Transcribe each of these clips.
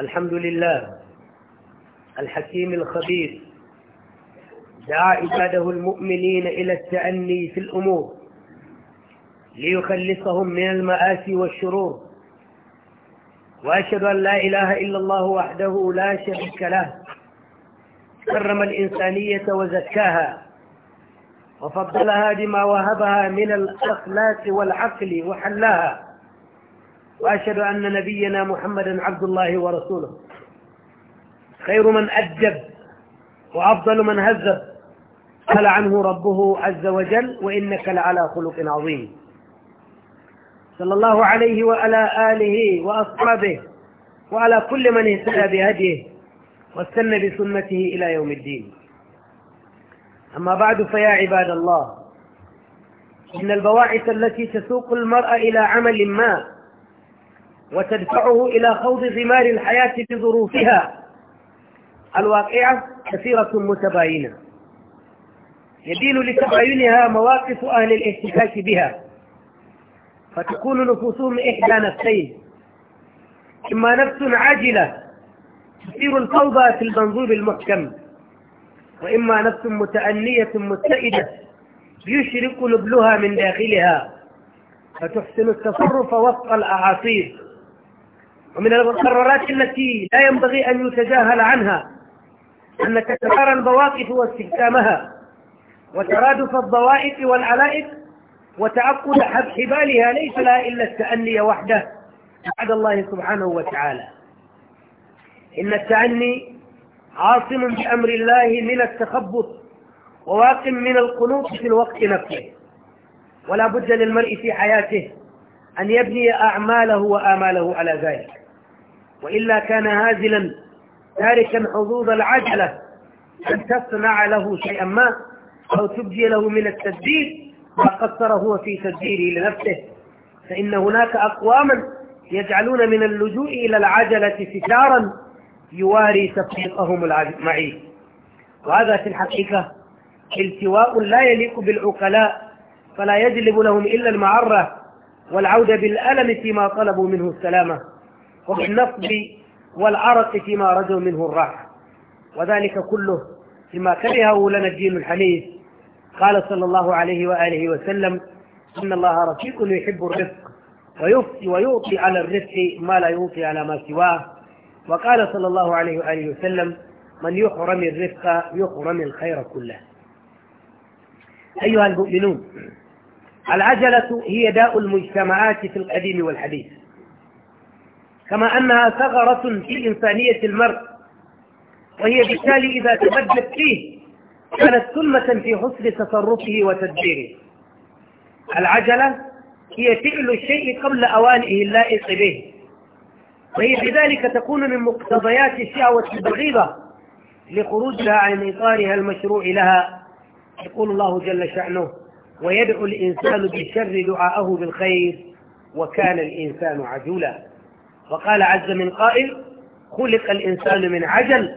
الحمد لله الحكيم الخبير دعا عباده المؤمنين إلى التأني في الأمور ليخلصهم من المآسي والشرور وأشهد أن لا إله إلا الله وحده لا شريك له كرم الإنسانية وزكاها وفضلها بما وهبها من الأخلاق والعقل وحلاها وأشهد أن نبينا محمدا عبد الله ورسوله خير من أدب وأفضل من هذب قال عنه ربه عز وجل وإنك لعلى خلق عظيم صلى الله عليه وعلى آله وأصحابه وعلى كل من اهتدى بهديه واستنى بسنته إلى يوم الدين أما بعد فيا عباد الله إن البواعث التي تسوق المرأة إلى عمل ما وتدفعه إلى خوض ضمار الحياة بظروفها الواقعة كثيرة متباينة يدين لتباينها مواقف أهل الاحتكاك بها فتكون نفوسهم إحدى نفسين إما نفس عاجلة تثير الفوضى في المنظور المحكم وإما نفس متأنية متئدة يشرق نبلها من داخلها فتحسن التصرف وفق الأعاصير ومن المقررات التي لا ينبغي أن يتجاهل عنها أن تكرار البواقف واستخدامها وترادف الضوائق والعلائق وتعقد حبالها ليس لها إلا التأني وحده بعد الله سبحانه وتعالى إن التأني عاصم بأمر الله من التخبط وواق من القنوط في الوقت نفسه ولا بد للمرء في حياته أن يبني أعماله وآماله على ذلك وإلا كان هازلا تاركا حظوظ العجلة أن تصنع له شيئا ما أو تبدي له من التدبير ما قصر هو في تدبيره لنفسه فإن هناك أقواما يجعلون من اللجوء إلى العجلة فشارا يواري تفريقهم معي وهذا في الحقيقة التواء لا يليق بالعقلاء فلا يجلب لهم إلا المعرة والعودة بالألم فيما طلبوا منه السلامة وبالنصب والعرق فيما رجوا منه الراحة وذلك كله فيما كرهه لنا الدين الحنيف قال صلى الله عليه وآله وسلم إن الله رفيق يحب الرفق ويفتي ويعطي على الرفق ما لا يعطي على ما سواه وقال صلى الله عليه وآله وسلم من يحرم الرفق يحرم الخير كله أيها المؤمنون العجلة هي داء المجتمعات في القديم والحديث كما أنها ثغرة في إنسانية المرء وهي بالتالي إذا تبدت فيه كانت سلمة في حسن تصرفه وتدبيره العجلة هي فعل الشيء قبل أوانه اللائق به وهي بذلك تكون من مقتضيات الشهوة البغيضة لخروجها عن إطارها المشروع لها يقول الله جل شأنه ويدعو الإنسان بالشر دعاءه بالخير وكان الإنسان عجولا وقال عز من قائل خلق الإنسان من عجل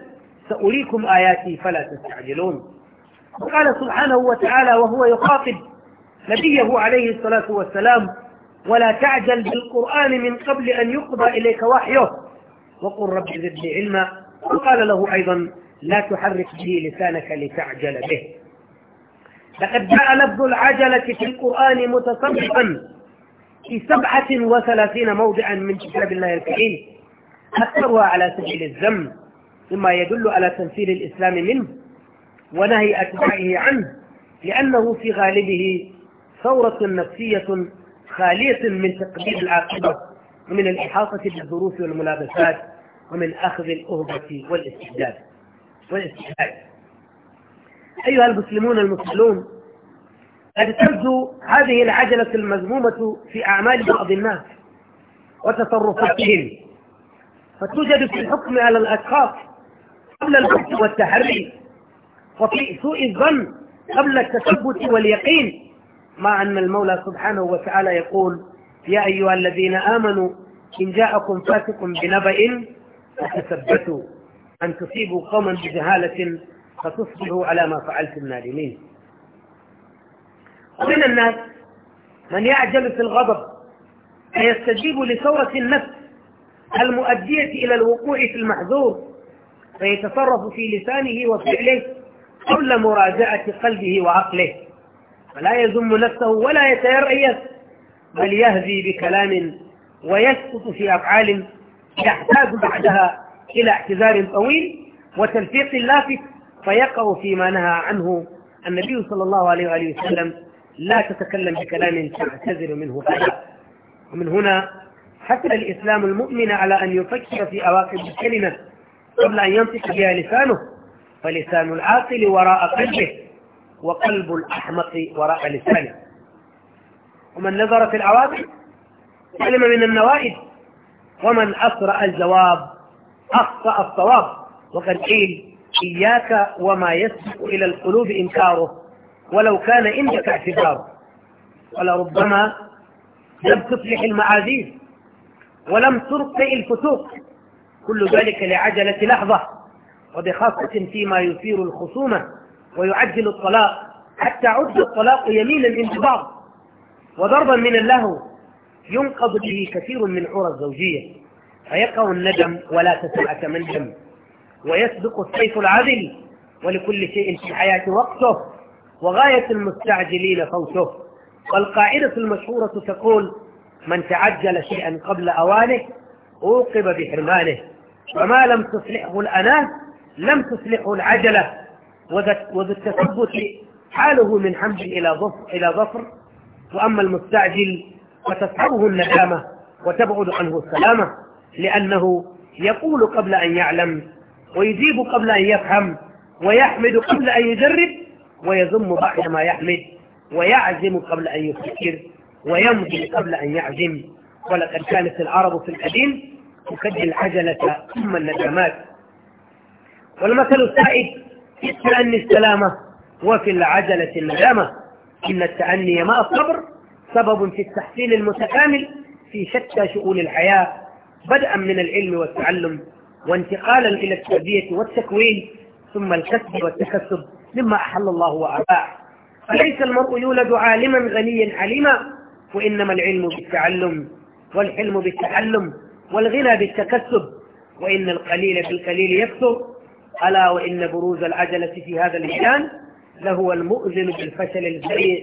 سأريكم آياتي فلا تستعجلون وقال سبحانه وتعالى وهو يخاطب نبيه عليه الصلاة والسلام ولا تعجل بالقرآن من قبل أن يقضى إليك وحيه وقل رب زدني علما وقال له أيضا لا تحرك به لسانك لتعجل به لقد جاء لفظ العجلة في القرآن متصرفا في سبعة وثلاثين موضعا من كتاب الله الكريم أكثرها على سبيل الذم مما يدل على تمثيل الإسلام منه ونهي أتباعه عنه لأنه في غالبه ثورة نفسية خالية من تقدير العاقبة ومن الإحاطة بالظروف والملابسات ومن أخذ الأهبة والاستبداد والاستبداد أيها المسلمون المسلمون قد تبدو هذه العجلة المذمومة في أعمال بعض الناس وتصرفاتهم فتوجد في الحكم على الأشخاص قبل الحكم والتحري وفي سوء الظن قبل التثبت واليقين مع أن المولى سبحانه وتعالى يقول يا أيها الذين آمنوا إن جاءكم فاسق بنبأ فتثبتوا أن تصيبوا قوما بجهالة فتصبحوا على ما فعلتم نادمين ومن الناس من يعجل في الغضب فيستجيب لثورة النفس المؤدية إلى الوقوع في المحذور فيتصرف في لسانه وفعله كل مراجعة قلبه وعقله فلا يذم نفسه ولا يتيريس بل يهذي بكلام ويسقط في أفعال يحتاج بعدها إلى اعتذار طويل وتلفيق لافت فيقع فيما نهى عنه النبي صلى الله عليه وآله وسلم لا تتكلم بكلام تعتذر منه فلا ومن هنا حث الإسلام المؤمن على أن يفكر في عواقب الكلمة قبل أن ينطق بها لسانه فلسان العاقل وراء قلبه وقلب الأحمق وراء لسانه ومن نظر في العواقب سلم من النوائب ومن أسرع الجواب أخطأ الصواب وقد قيل إياك وما يسبق إلى القلوب إنكاره ولو كان عندك اعتبار ولربما لم تصلح المعاذير ولم ترقئ الفتوك كل ذلك لعجلة لحظة وبخاصة فيما يثير الخصومة ويعجل الطلاق حتى عد الطلاق يمين الانتظار وضربا من اللهو ينقض به كثير من عرى الزوجية فيقع الندم ولا تسعة من جم ويسبق السيف العدل ولكل شيء في الحياة وقته وغاية المستعجلين فوته والقاعدة المشهورة تقول من تعجل شيئا قبل أوانه أوقب بحرمانه وما لم تصلحه الأناة لم تصلحه العجلة وذو التثبت حاله من حمد إلى ظفر, إلى ظفر وأما المستعجل فتسحبه الندامة وتبعد عنه السلامة لأنه يقول قبل أن يعلم ويجيب قبل أن يفهم ويحمد قبل أن يجرب ويذم بعد ما يحمد ويعزم قبل أن يفكر ويمضي قبل أن يعزم ولقد كانت العرب في القديم تكدي العجلة ثم الندمات والمثل السائد في التأني السلامة وفي العجلة الندامة إن التأني ماء الصبر سبب في التحصيل المتكامل في شتى شؤون الحياة بدءا من العلم والتعلم وانتقالا إلى التربية والتكوين ثم الكسب والتكسب مما أحل الله وأباه فليس المرء يولد عالما غنيا عليما وإنما العلم بالتعلم والحلم بالتعلم والغنى بالتكسب وإن القليل بالقليل يكثر ألا وإن بروز العجلة في هذا الميدان لهو المؤذن بالفشل الذريع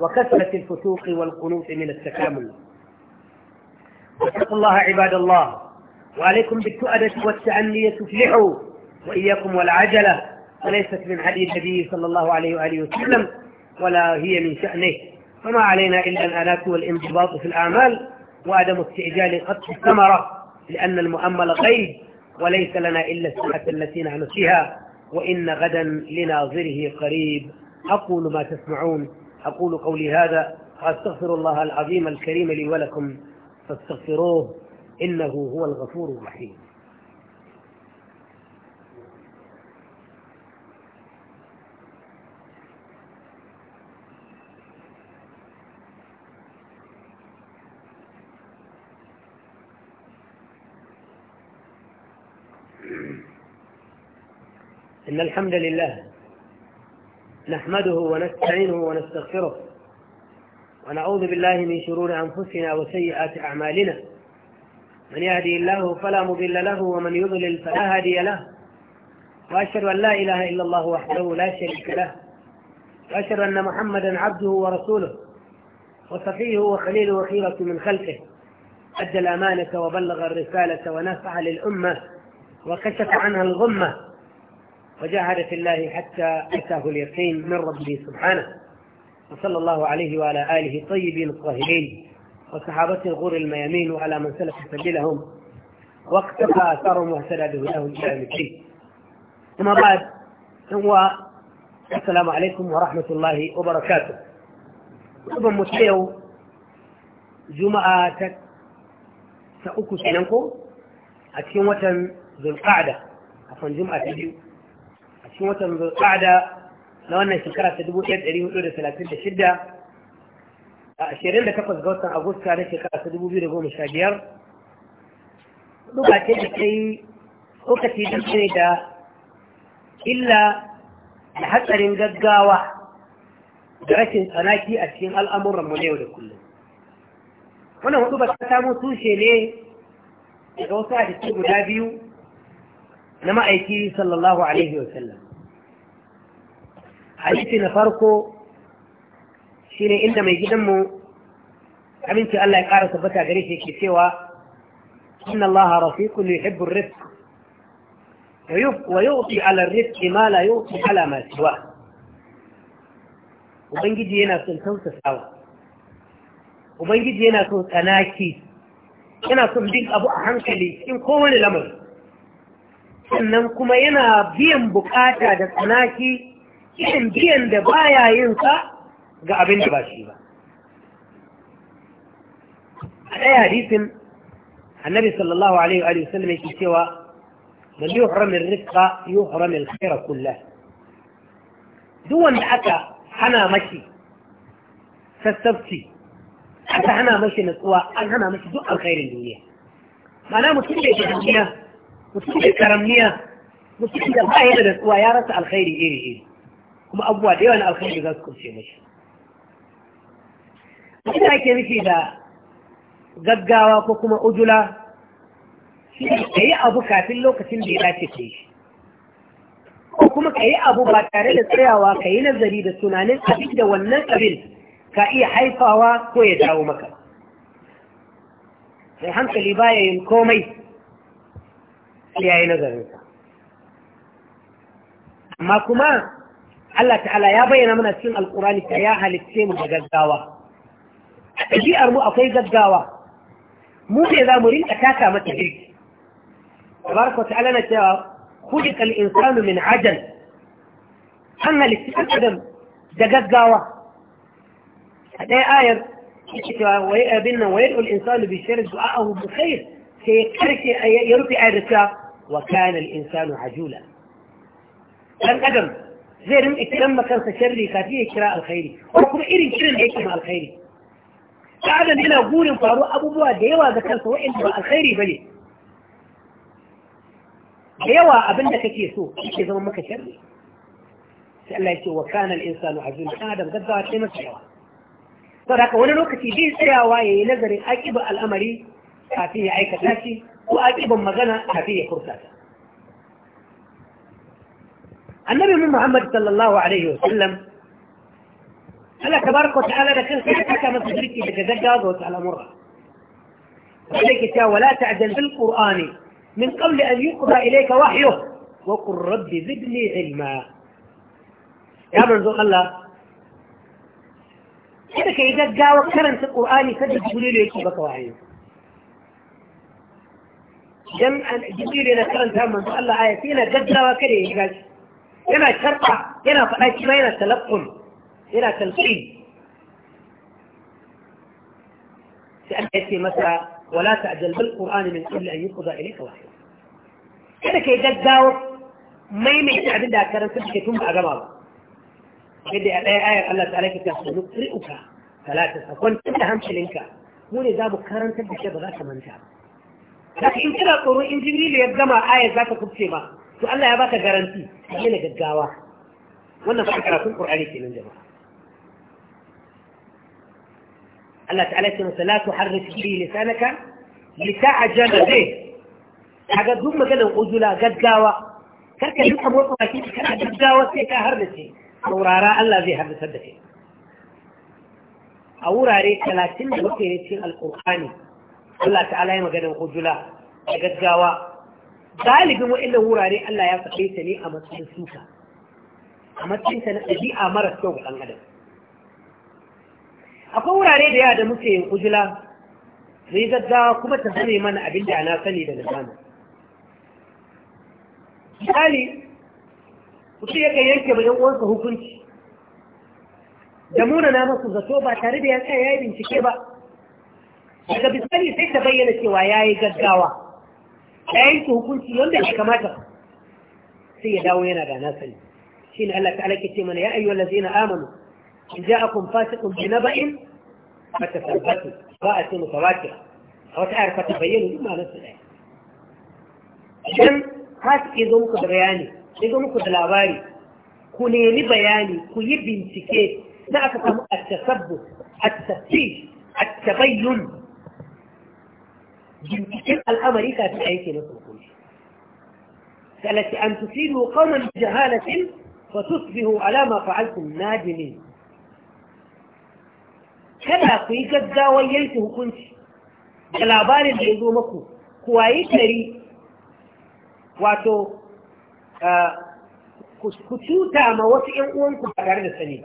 وكثرة الفسوق والقنوط من التكامل واتقوا الله عباد الله وعليكم بالتؤدة والتأنية تفلحوا وإياكم والعجلة وليست من حديث النبي صلى الله عليه وآله وسلم ولا هي من شأنه فما علينا إلا الآلات والانضباط في الأعمال وعدم استعجال قطع الثمرة لأن المؤمل غيب وليس لنا إلا الساعة التي نحن فيها وإن غدا لناظره قريب أقول ما تسمعون أقول قولي هذا وأستغفر الله العظيم الكريم لي ولكم فاستغفروه إنه هو الغفور الرحيم إن الحمد لله نحمده ونستعينه ونستغفره ونعوذ بالله من شرور أنفسنا وسيئات أعمالنا من يهدي الله فلا مضل له ومن يضلل فلا هادي له وأشهد أن لا إله إلا الله وحده لا شريك له وأشهد أن محمدا عبده ورسوله وصفيه وخليله وخيرة من خلقه أدى الأمانة وبلغ الرسالة ونفع للأمة وكشف عنها الغمة وجاهد في الله حتى أتاه اليقين من ربه سبحانه وصلى الله عليه وعلى آله الطيبين الطاهرين وصحابته الغور الميامين وعلى من سلك سبيلهم واقتفى أثارهم واهتدى بهداهم إلى يوم الدين أما بعد هو السلام عليكم ورحمة الله وبركاته طبعا متيو جمعة سأكو سننكو kenan ذو القعدة cikin watan zulqa'da cikin watan zulqa'da na wannan shekara ta 1436 a 28 ga watan agusta na shekara ta 2015 duka ce da ta kai lokaci da ne da illa da hatsarin gaggawa da rashin tsanaki a cikin al'amuranmu na yau da kullum wannan hudu ba ta samu tushe ne daga wasu a cikin guda biyu na ma'aiki sallallahu alaihi wasallam hadisi na farko shi ne inda mai gidanmu Aminci Allah ya ƙara tabbata gare shi ke cewa inna Allah rafiqun yuhibbu ar-rifq wa yu'ti 'ala ar-rifq ma la yu'ti 'ala ma siwa ubangiji yana son tausasawa ubangiji yana son tsanaki yana son bin abu a hankali cikin kowane lamari sannan kuma yana biyan bukata da tsanaki irin biyan da baya yin sa ga abin da ba shi ba a ɗaya hadisin annabi sallallahu alaihi wa sallam yake cewa man yuhram ar-rizqa yuhram al-khayra kullah duk wanda aka hana mashi sassafci aka hana mashi natsuwa an hana mashi duk alkhairin duniya ma'ana mutum da ke mutum da karamniya mutum da ba ya da natsuwa ya rasa alkhairi iri iri kuma abubuwa da yawa na alkhairi za su kuce mashi ina ake nufi da gaggawa ko kuma ujula shi ka yi abu kafin lokacin da ya dace ka yi ko kuma ka yi abu ba tare da tsayawa ka yi nazari da tunanin abin da wannan abin ka iya haifawa ko ya dawo maka mai hankali baya yin komai ya yi nazarinsa amma kuma الله تعالى يا بينا من السن القراني كيا أهل السيم وقدقاوة أجي أرمو أطي قدقاوة مو إذا مرين أتاكا ما تجيك تبارك وتعالى نتعال خلق الإنسان من عجل أنا لسيح الأدم دقدقاوة هذه آية ويأبنا ويرؤ الإنسان بشير دعاءه بخير سيكرك يرفع الرسا وكان الإنسان عجولا لم أدم zai rinƙa kiran makansa shirri kafin ya kira alkhairi ko kuma irin kiran da yake ma alkhairi ta adam yana gurin faru abubuwa da yawa ga kansa wa'anda ba alkhairi bane da yawa abin da kake so kike zama maka shirri sai Allah ya ce wa kana al-insanu azim kana da gaggawa yawa saboda haka wani lokaci bai tsayawa yayi nazarin aqiba al'amari kafin ya aikata shi ko aqiban magana kafin ya furta النبي من محمد صلى الله عليه وسلم هل تبارك وتعالى لكن سيحكى من تدريك بكذجاز وتعالى مرة وليك يا ولا تعجل في القرآن من قبل أن يقضى إليك وحيه وقل رب زدني علما يا من ذو الله هذا كإذا جاء وكرم في القرآن فدد جليل يكبك وعيه جمعا جليل يكرم في من ذو الله آياتين جدر وكره هنا الشرطة هنا فأيكما هنا التلقن هنا تلقين سألتي مثلا ولا تعجل بالقرآن من قبل أن يقضى إليك واحد كذلك إذا تتداور ما يمكن أن ده كرم تبقى تنبع جمال هذه الآية آية قلت عليك تقول نقرئك فلا تسعك وانت تهم شلنك مو نزاب كرم تبقى شبغا كمان شعب لكن انت لا تقول إن جبريل يتجمع آية ذات كبسي to Allah ya baka garanti kai ne gaggawa wannan fa karatun Qur'ani kenan jama'a Allah ta'ala ce la tuharrik bi lisanaka lita'jala bi kaga duk maganar ujula gaggawa karka yi abu ko kake ka gaggawa sai ka harbace saurara Allah zai harrace da kai a wurare talatin da muke cikin alqur'ani Allah ta'ala ya maganar ujula gaggawa galibin wa'annan wurare Allah ya faɗe ta ne a matsayin suka a matsayin ta na ɗabi'a mara kyau ga ɗan akwai wurare da yawa da muke yin ujula zai gaggawa kuma ta zame mana abin da na sani daga zamu misali ya kan yanke ba 'yan uwansa hukunci da muna na masu zato ba tare da ya tsaya ya yi bincike ba daga bisani sai ta bayyana cewa ya yi gaggawa ya yanke hukunci wanda ya kamata sai ya dawo yana da na shi ne Allah ta'ala ke ce mana ya ayyuhal na amanu in ja ja'akum fasiqun bi naba'in fatasabbatu ba a ce mutawatir a wata ayar fata bayyana duk ma su ɗaya idan fasiki zo muku da bayani sai zo muku da labari ku nemi bayani ku yi bincike na aka samu a tasabbu tafi, a ta tabayyun بالتكل الأمري كافي أي كلمة تقول فالتي أن تصيبوا قوما بجهالة فتصبحوا على ما فعلتم نادمين كلا قيك الزاويته كنت كلا بالي لعظومك كوائي كري واتو آه، كتوتا ما وسئن أونك بعد عرض السنين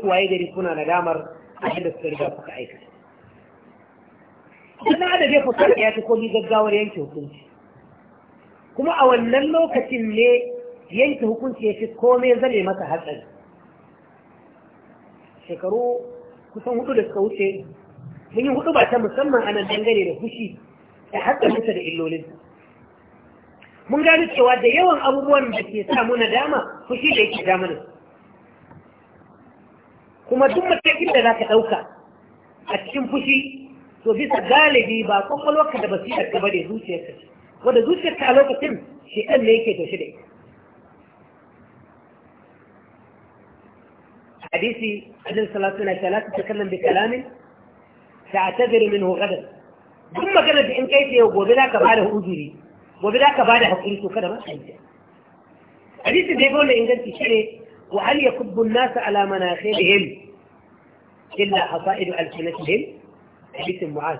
كوائي كري كنا ندامر أهل السرقة فكأي كتب Suna da zai fitar ya fi komi gaggawar yanke hukunci. Kuma a wannan lokacin ne yanke hukunci ya fi komai zane masa hatsari. Shekaru kusan hudu da suka wuce, mun yi hudu ba ta musamman a nan dangane da fushi da hatsarinsa da illolin Mun gano cewa da yawan abubuwan da ke sa muna dama fushi da yake damar Kuma duk matakin da za ka ɗauka a cikin fushi to bisa galibi ba kwakwalwarka da basirar ka bane zuciyarka ce wanda zuciyarka a lokacin shi kan ne yake tashi da ita hadisi annabi salatu na wasallam ta takallam bi kalamin ta'tadiru minhu hukadar. duk magana da in kai ta gobe za ka bada hujuri, gobe za ka bada hakuri to kada ma hadisi da ya ga wannan inganci shine wa hal yakubbu an-nas ala manakhirihim illa hasaidu alsinatihim حديث mu'az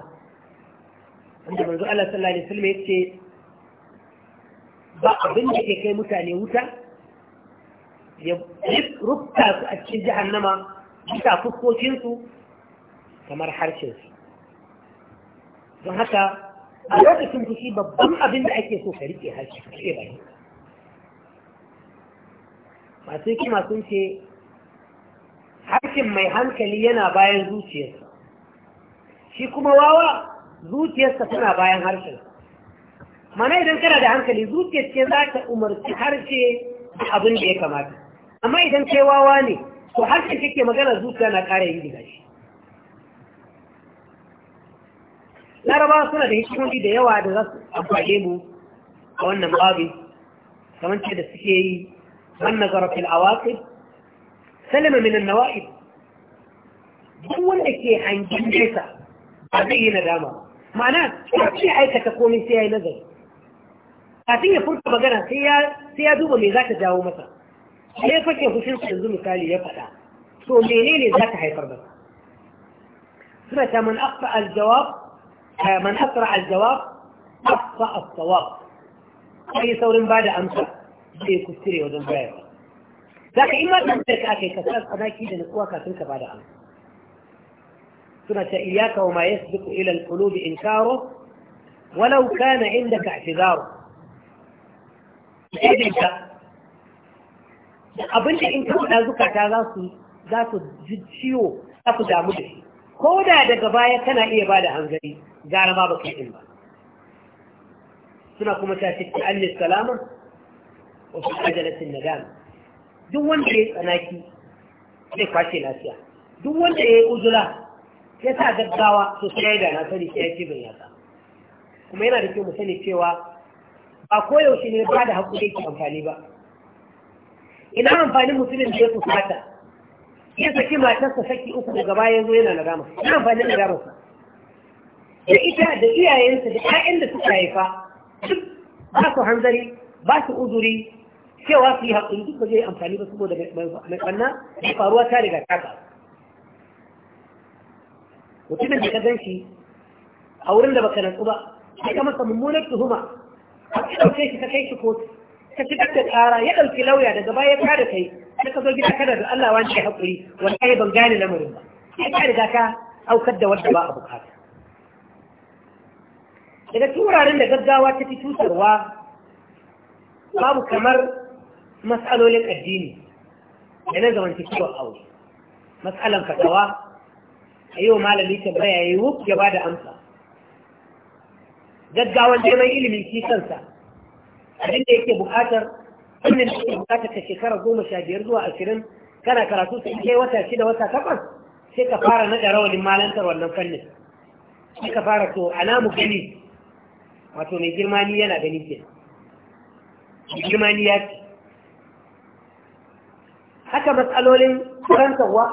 عند Allah صلى الله عليه yace ba abin da كي kai mutane wuta ya rufta a cikin jahannama bisa fuskokinsu kamar don haka a lokacin fushi babban abin da ake so ka rike harshe ka rike baki masu hikima sun ce harshen mai hankali yana bayan zuciyarsa shi kuma wawa zuciyarsa tana bayan harshen mana idan kana da hankali zuciyar ce za ta umarci harshe da abin da ya kamata amma idan kai wawa ne to harshe kake magana zuciya na ƙara yi daga shi Laraba suna da hikimomi da yawa da za su amfane mu a wannan babi kamar ce da suke yi wannan zarafin awaƙi Salima minan nawa'ib duk wanda ke hangin nesa قبيل الامر معناه في حيث تكون في اي نظر اعطيني فرصه بقرا هي هي دوب اللي ذاك جاو مثلا هي فكر في شنو كان دوب قال لي يفتح شو منين ذاك حيفرق سمعت من اخطا الجواب من اسرع الجواب اخطا الصواب اي صور بعد امس في كثير وذنبايا لكن اما تنتك اكي كثير فانا اكيد ان اخوك تنتك بعد امس suna ta iyaka wa ma yasbiqu ilal al in karo walau kana indaka i'tizaru ibinka abinda in ka faɗa zukata za su za su ji ciwo za su damu da shi ko da daga baya kana iya ba da hanzari gara ma baka yi ba suna kuma ta ce ta allis salama wa fi ajalatin nadam duk wanda ya yi tsanaki zai kwashe lafiya duk wanda ya yi uzula sai sa gaggawa su sai da na sani sai ya ce yasa kuma yana da kyau mu sani cewa ba koyaushe ne ba da hakuri ke amfani ba ina amfanin musulun da ya fata ya saki matarsa saki uku daga bayan zo yana nadama ina amfanin sa da ita da iyayensa da ƴaƴan da suka haifa duk ba su hanzari ba su uzuri cewa su yi haƙuri duk ba zai amfani ba saboda mai ɓanna faruwa ta riga ta mutumin da ka gan shi a wurin da baka natsu ba sai ka masa mummunar tuhuma a ka ɗauke shi ka kai shi kotu ka ci da tsara ya ɗauki lauya daga baya ka da kai sai ka zo gida kada da Allah wani ya haƙuri wallahi ban gane lamarin ba sai ka riga ka aukar da wanda ba a bukata daga turarin da gaggawa ta fi cutarwa babu kamar matsalolin addini da na zamantakewar aure matsalan fatawa a yau malami tambaya ya yi wuf ya ba da amsa gaggawan neman ilimin shi kansa abin da yake bukatar abin da ke bukatar ta shekarar goma sha biyar zuwa ashirin kana karatu sai kai wata shida wata takwas sai ka fara naɗa rawanin malantar wannan fannin sai ka fara to ana mu gani wato mai girma ni yana gani ke girma ni ya ce haka matsalolin karantarwa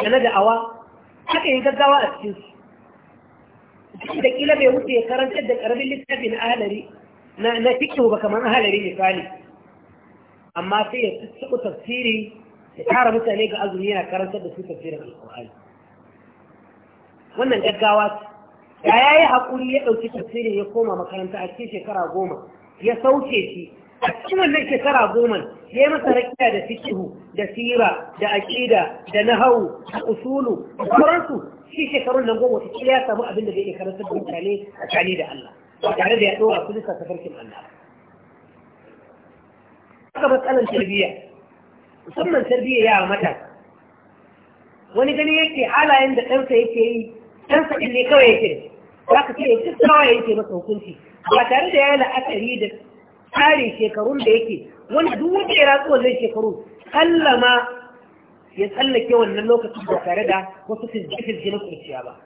da na da'awa aka yi gaggawa a cikin su da kila bai wuce ya karantar da karamin littafin ahalari na fikin ba kamar ahalari misali amma sai ya tsabu tafsiri ya tara mutane ga azumi yana karantar da su tafsirin alƙur'ani wannan gaggawa ya yi haƙuri ya ɗauki tafsirin ya koma makaranta a cikin shekara goma ya sauke shi a cikin wannan shekara goma ya yi masa rakiya da fikihu da sira da aƙida da nahawu da usulu da sauransu shi shekarun nan goma wata ya samu abin da zai iya karantar da mutane a tsani da Allah ba tare da ya ɗora su duka tafarkin Allah haka matsalar tarbiyya musamman tarbiyya ya mata. wani gani yake halayen da ɗansa yake yi ɗansa ɗin ne kawai yake za ka ce ya kawai yake masa hukunci ba tare da ya yi la'akari da tsarin shekarun da yake wani duk wanda ya ratsu zai shekaru kallama ya tsallake wannan lokacin da tare da wasu fizgifizgi na kurciya ba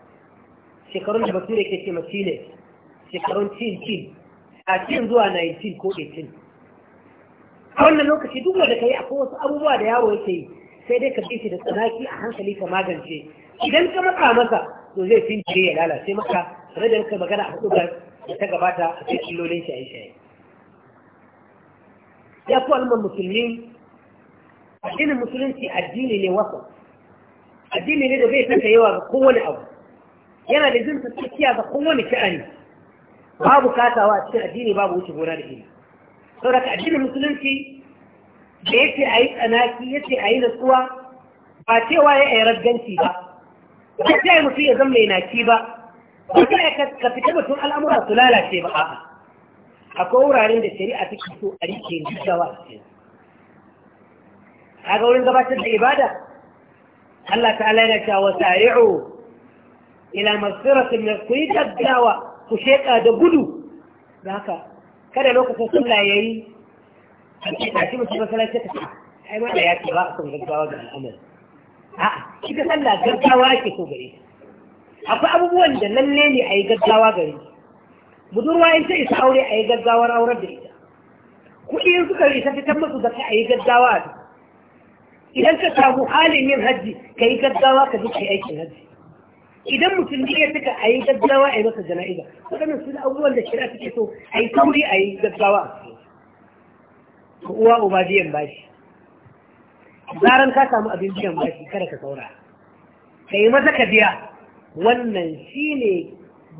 shekarun da basu ke ce masu ne shekarun cin cin a cin zuwa 19 ko 18 a wannan lokaci duk wanda ka yi akwai wasu abubuwa da yawo yake yi sai dai ka bi shi da tsanaki a hankali ka magance idan ka matsa masa to zai fin ya lalace maka tare da ka magana a hudu da ta gabata a cikin lolin shaye-shaye ya fi alman musulmi addinin musulunci addini ne wasa addini ne da bai saka yawa ga kowane abu yana da zunta tsakiya ga kowane sha'ani babu katawa a cikin addini babu wuce gona da ilimi saboda addinin musulunci da yake a yi tsanaki yake a yi natsuwa ba cewa ya yi ragganci ba ba ce mutum ya zama mai naki ba ba ce ka fita mutum al'amura su lalace ba a'a akwai wuraren da shari'a take so a rike gaggawa a cikin kaga wurin gabatar da ibada Allah ta'ala yana cewa sari'u ila masiratin min kuyi daddawa gaggawa ku sheka da gudu haka kada lokacin sallah yayi a ce ta shi masallaci ta ai ma da ya ce ba a son gaggawa ga al'amari a'a cikin sallar sallah gaggawa ake so gare akwai abubuwan da lalle ne a yi gaggawa gare shi budurwa in ta isa aure a yi gaggawar aurar da ita kuɗi in suka isa fitan da kai a yi gaggawa a idan ka samu halin yin hajji ka yi gaggawa ka duka yi aikin hajji idan mutum ne ya fita a yi gaggawa a yi masa jana'iza waɗannan suna abubuwan da shirya suke so a yi sauri a yi gaggawa ka uwa uba biyan bashi zaran ka samu abin biyan bashi kada ka saura ka yi maza ka biya wannan shi ne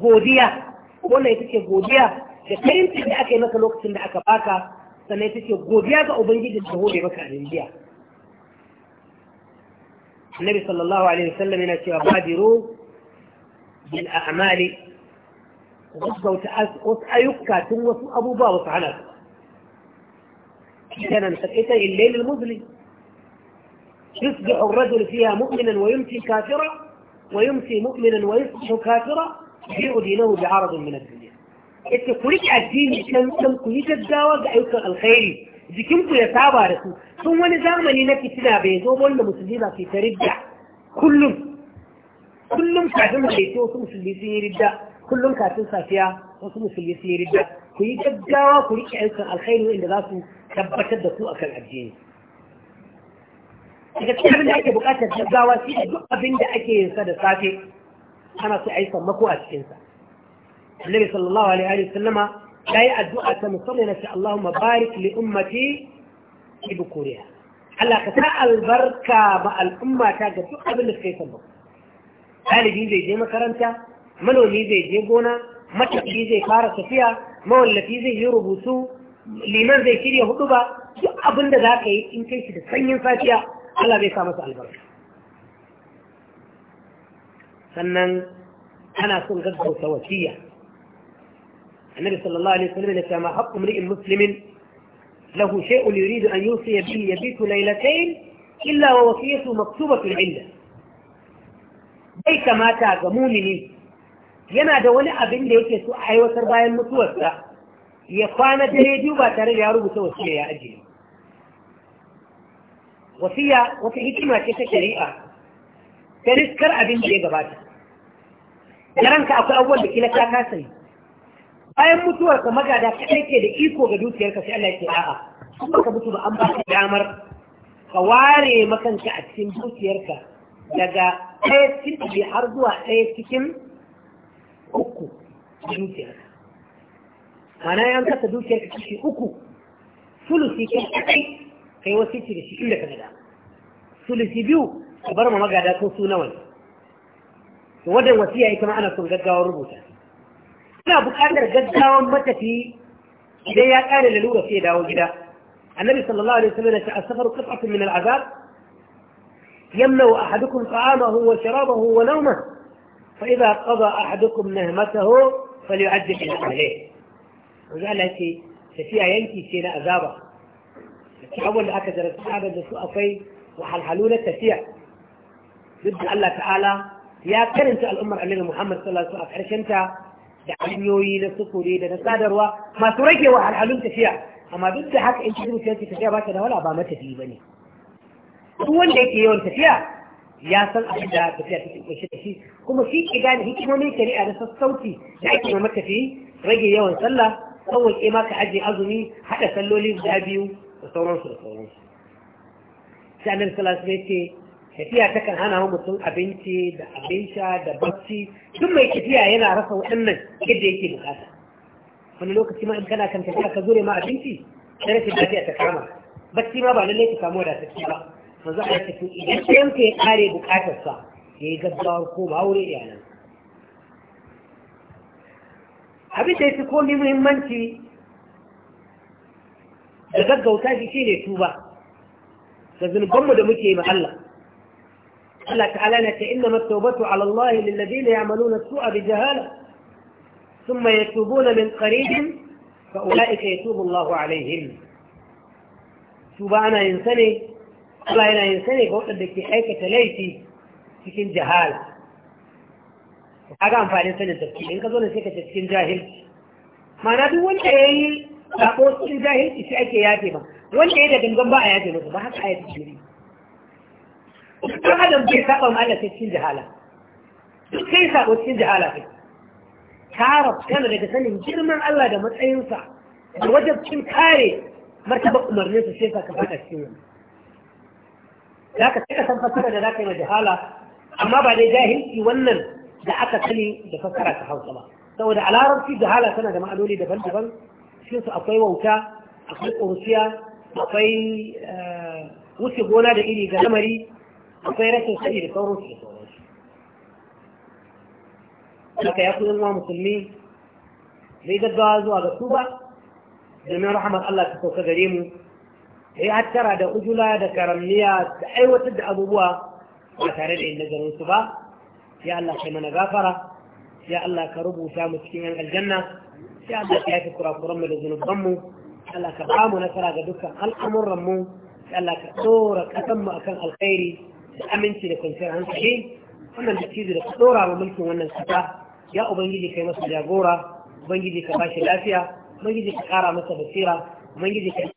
godiya wannan ita ce godiya da karimci da aka yi maka lokacin da aka baka sannan ita ce godiya ga ubangiji da hore maka a rinjiya annabi sallallahu alaihi wasallam yana cewa badiru bil a'mali gaggauta wasu ayyuka tun wasu abubuwa wasu hana su kana ita illailul muslim mu'minan wa فيها kafira wa كافرا mu'minan wa yusbihu kafira bi'u dinahu bi aradin min ad-dunya yace ku rike addini kan kan ku yi gaggawa ga ayyukan alkhairi jikin ya saba da su sun wani zamani na fitina bai zo wanda musulmi ba ke ta ridda kullum kullum kafin halittu wasu musulmi sun yi ridda kullum kafin safiya wasu musulmi sun yi ridda ku yi gaggawa ku rike ayyukan alkhairi wanda za su tabbatar da su akan addini daga cikin abin da ake bukatar gaggawa shi duk abin da ake yin da safe ana so a yi sammako a cikinsa annabi sallallahu alaihi wa sallama ya yi addu'a ta musamman na ce Allahumma barik li ummati fi bukuriya Allah ka sa albarka ba al'ummata ga duk abin da suka yi ɗalibi zai je makaranta manomi zai je gona matafi zai fara tafiya mawallafi zai yi rubutu liman zai shirya hudu ba duk abin da za ka yi in kai shi da sanyin safiya Allah zai sa masa albarka فنن أنا أكون غزه سوكية النبي صلى الله عليه وسلم ما حق امرئ مسلم له شيء يريد أن يوصي به يبيت ليلتين إلا ووصيته مكتوبة عنده بيك ما تعظموني ينا دولي أبن ليك يسوء حي باين المتوسة يقوانا جريدي وباتر يارب سوكية يا أجل وصية وفي حكمة كشريئة تنسكر أبن ليك باتر da ranka akwai abubuwan da kila ta kasa yi bayan mutuwar ka magada kaɗai ke da iko ga dukiyarka sai Allah ya ce a'a in baka mutu ba an baka damar ka ware makanka a cikin dukiyarka daga ɗaya cikin ɗari har zuwa ɗaya cikin uku dukiyarka mana yan kasa dukiyarka cikin uku sulusi kai kaɗai kai wasu da shi inda ka da sulusi biyu ka bar ma magada ko su nawa ne to wannan wasiya ita ma ana son gaggawar rubuta ina buƙatar gaggawan matafi idan ya ƙare lalura sai dawo gida annabi sallallahu alaihi wasallam ya ce as-safaru qit'atun min al-azab yamna'u ahadukum ta'amahu wa sharabahu wa nawmahu fa idha qada ahadukum nahmatahu falyu'addib bi ahlihi wanda Allah ce tafiya yanki ce na azaba abubuwan da aka zarafta da su akwai wahalhalu na tafiya duk da Allah ta'ala ya karanta al'ummar annabi Muhammad sallallahu alaihi wasallam a karshen ta da hanyoyi na sukuri da na sadarwa masu rage wa al'alun tafiya amma duk da haka in cikin mutum tafiya ba ta da wala ba matafi ba ne duk wanda yake yawan tafiya ya san abin da tafiya take kunshe da shi kuma shi ke gane hikimomin shari'a na sassauci da ake ma matafi rage yawan sallah sauwaƙe ma ajiye azumi haɗa salloli guda biyu da sauransu da sauransu sai salasu sallallahu ya ce tafiya ta kan hana wa mutum abinci da abin sha da bacci duk mai tafiya yana rasa waɗannan yadda yake bukata wani lokaci ma in kana kan tafiya ka zure ma abinci sai rashin lafiya ta kama bacci ma ba lallai ka samu tafiya ba za a tafi idan ɗayan ka ya kare bukatarsa ya yi gaggawar ko ba wuri iyalan abin da ya fi komai muhimmanci da gaggauta shi ne tuba da zunubanmu da muke yi ma Allah Allah ta'ala na ce inna matawbatu ala Allah lil ladina ya'maluna su'a bi jahala thumma yatubuna min qarib fa ulaika yatubu tuba ana yin sane Allah yana yin ga wadanda ke aikata laifi cikin jahala kaga amfanin sanin tafsiri in ka zo ne sai cikin jahilci ma'ana duk wanda yayi sako cikin jahilci ake ba wanda ya da ba haka dan adam bai saba ma Allah cikin jahala duk kai sabo cikin jahala sai. tara kana daga sanin girman Allah da matsayinsa da wajabcin kare martaba umarnin sa sai ka fada cikin wannan zaka sai san fasara da zaka yi ma jahala amma ba dai jahilci wannan da aka sani da fasara ta Hausa ba saboda a larabci jahala tana da ma'anoni daban-daban cikin su akwai wauta akwai ƙurciya akwai eh, wuce gona da iri ga lamari akwai rashin sani da sauransu da sauransu haka ya kuɗin wa musulmi bai gaggawa zuwa ga su ba domin rahamar Allah ta sauka gare mu ya hattara da ujula da karamniya da aiwatar da abubuwa ba tare da yin nazarin su ba ya Allah kai mana gafara ya Allah ka rubuta mu cikin yan aljanna ya Allah ka yafi kurakuran mu da zunuban mu Allah ka ba mu nasara ga dukkan al'amuran mu Allah ka tsora kasan mu akan alkhairi da aminci da kwanciyar hankali wannan da da ka ɗora wa mulkin wannan kasa ya ubangiji kai masa jagora ubangiji ka bashi lafiya ubangiji ka ƙara masa basira ubangiji ka